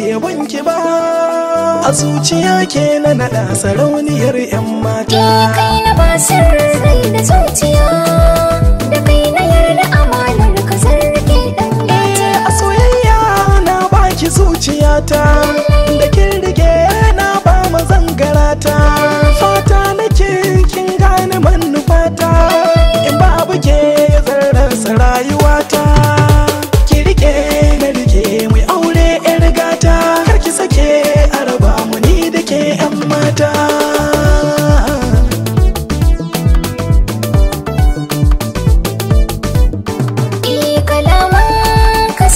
ya wanke ba a zuciya ke na naɗa sarauniyar 'yan mata kai na basir rai da zuciya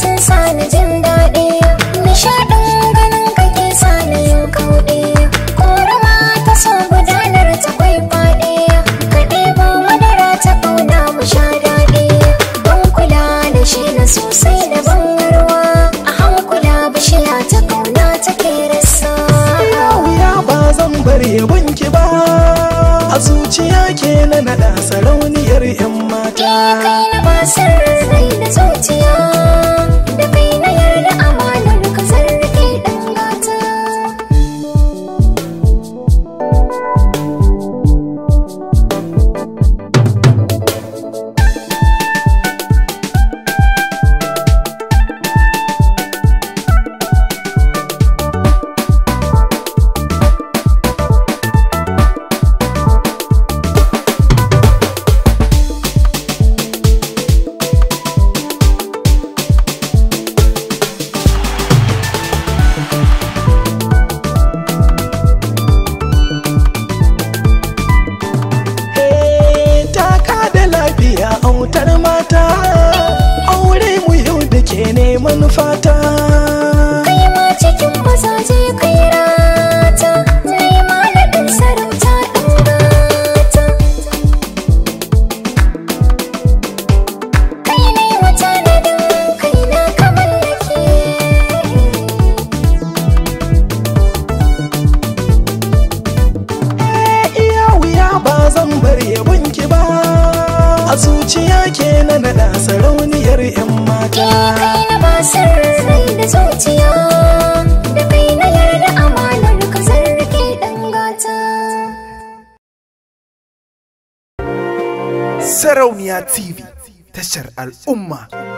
sun sani jin daɗi nishaɗin ganin kake sani yin kauɗe korama ta so gudanar ta kwai faɗe ka ɗebo madara ta ƙauna mu sha daɗi don kula da shi na sosai da bangarwa a hankula bishiya ta ƙauna ta kerasa wuya ba zan bar yabonki ba a zuciya ke na naɗa sarauniyar 'yan mata ba zan bar yabon ki ba a zuciya ke na nada sarauniyar yan mata kai na basar da zuciya da kai na yarda amanar ka zarrike dan gata sarauniya tv tashar al'umma